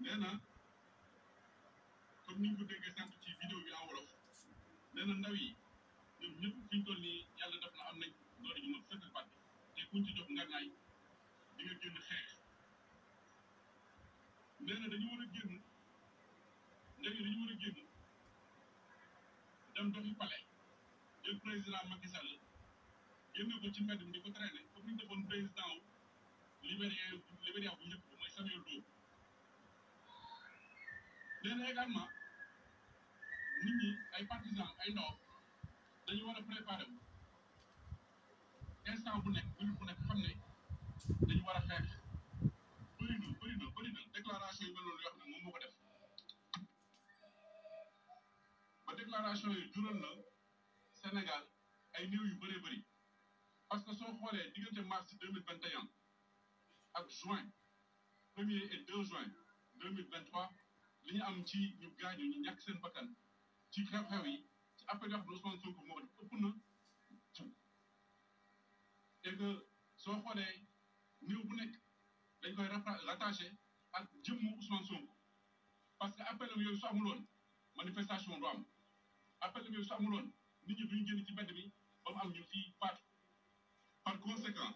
nee na comme ni ñu ko déggee ci vidéo bi en wolof nee ndaw yi ñoom ñëpp fi toll nii yàlla def na am nañ doole ñu mën fësal parti te kuñ ci jox ngànnaay di nga génn xeex nee na dañu war a génn ndaw yi dem doxi palais jël président Macky Sall génne ko ci mbedd ni di ko traîner comme ni ñu defoon président libéria libéria bu njëkk mooy Samuel Doe Mais également partisans ay nous préparer instant bu vous nous vous voulez, dañu Vous vous voulez, déclaration vous mel Vous Vous déclaration yi jural Sénégal ay voulez, yu parce que voulez, xoolee diggante mars deux mille vingt et er juin premier et 2 juin 2023, li ñu am ci ñu gaañu ñu ñàkk seen bakkan ci xew-xew yi ci appel yoo xam Ousmane Sonko moo def ëpp na tout et que soo xoolee néew bu nekk dañ koy rattaché ak jëmmu Ousmane Sonko parce que appel yooyu su amuloon manifestation du am appel yooyu su amuloon nit ñi duñu génn ci mbedd bi ba mu am ñu fii faatu par conséquent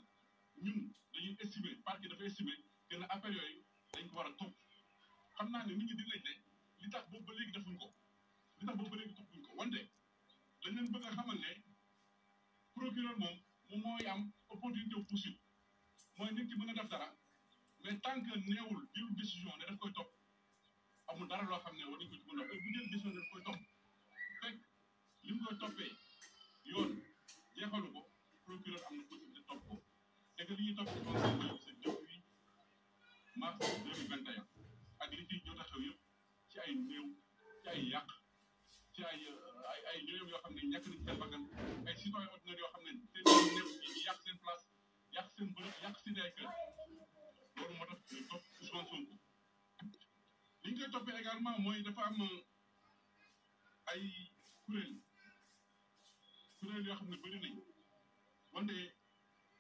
ñun dañuy estimer parce que dafa estimer que ne appel yooyu dañ ko war a topp xam naa ne nit ñi dinañ ne li tax boobu ba léegi defuñ ko li tax boobu ba léegi toppuñ ko wante dañ leen bëgg a xamal ne procureur moom moom mooy am opportunité possible mooy nit ki mën a def dara mais tant que neewul décision ne daf koy topp amul dara loo xam ne war nañ ko ci mën a bu yoon jeexalu ko procureur am na possibilité topp ko et que li ñuy topp ci conseil bi c'est depuis mars 2021 ay ñàkk nañ seen ay citoyen ordinaire yoo xam ne seen néew yi yàq seen place yàq seen bërëb yàq seen ay loolu moo tax ñu topp Ousmane Sonko li également mooy dafa am euh, ay kuréel kuréel yoo xam ne bëri nañ wante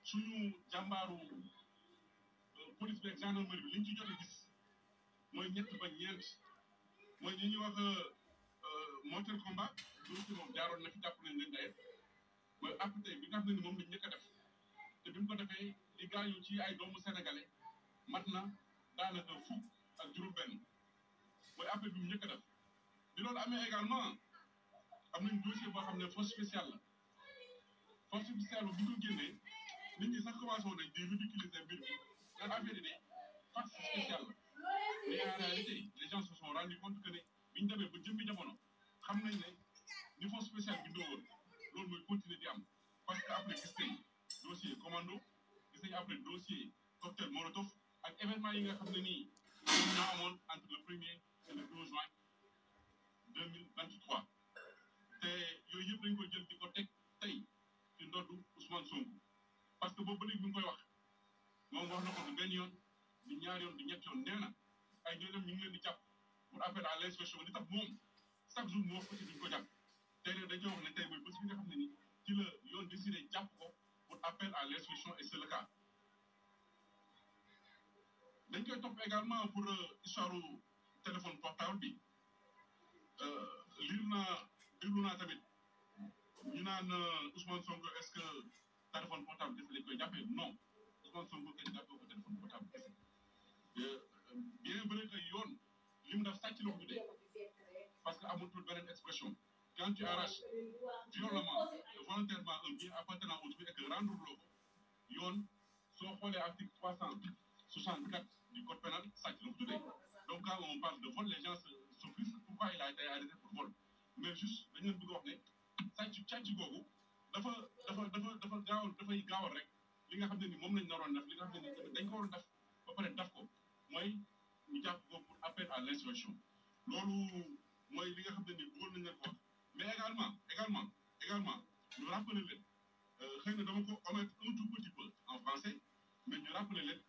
suñu jàmbaaru euh, police bi ak gendarmerie bi li ñu ci jot a gis mooy ñett ba ñeent mooy ñi ñuy wax euh, moteur combat ñun ci moom jaaroon na fi jàpp nañ leen daye mooy APT bi nga xam ne moom lañ njëkk a def te bi ko defee li gaañu ci ay doomu sénégalais mat na daanaka fukk ak juróom-benn mooy APT bi mu def. bi loolu amee également am nañ dossier boo xam ne force spéciale la force spéciale bu ñu génnee nit ñi sax commencé woon di ridiculiser bi naan affaire yi ne force spéciale la mais en gens se sont rendu compte que bi ñu ba jëmbi jamono xam nañ ne. niveau spécial bi loolu mooy continuer di am parce que après gis nañ dossier commando gis nañ après dossier cocktail molotov ak événement yi nga xam ne nii ñoom ñoo le premier et le te yooyu yëpp dañ ko jël di ko teg tey ci ndoddu Ousmane Sonko parce que boobu ba léegi koy wax moom wax na ko du benn yoon du ñaari yoon du ñetti yoon nee na ay ñooñu ñu ngi leen di jàpp pour appel à l'inspection li tax moom chaque jour mu wax ko ci dañoo wax ne tey mooy bés bi nga xam ne nii ci la yoon décidé jàpp ko pour appel à l' instruction et c' le cas. dañ koy topp également pour histoire euh, téléphone portable bi euh, liir naa déglu naa tamit ñu naan euh, Ousmane Sonko est ce que téléphone portable def lañ koy jàppee non Ousmane Sonko kenn jàppee ko téléphone portable. quand tu arraches volontairement un bien du code pénal donc quand on parle de vol les gens pourquoi il a été arrêté pour vol mais juste à mais également également également nous rappeler les euh, xëy na dama ko un tout petit peu en français mais nous rappelons-le,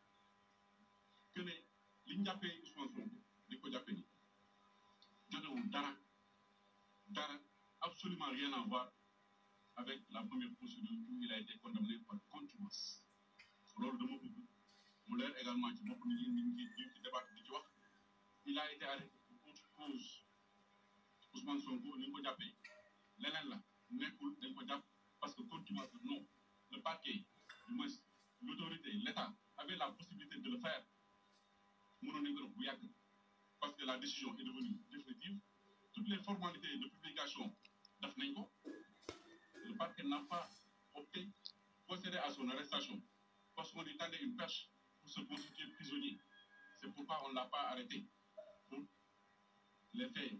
que les li ñu sont Ousmane les codes Je ne vous jotewul dara absolument rien à voir avec la première procédure où il a été condamné par contumace de mon bëgg mon l'air également ci bopp nit ñi débat il a été arrêté pour cause Ousmane Sonko ni d'appel. la parce que tu non le parquet du l'État l'autorité, avait la possibilité de le faire parce que la décision est devenue définitive toutes les formalités de publication def le parquet n'a pas opté procédé à son arrestation parce qu'on lui tendait une perche pour se constituer prisonnier c'est pourquoi on ne l'a pas arrêté pour les faits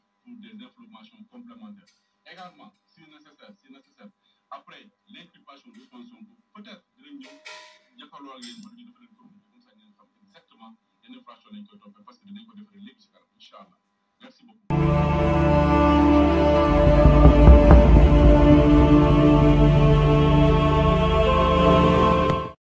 lañ koy toppee parce que dinañ ko defaree léegi ci kanam incha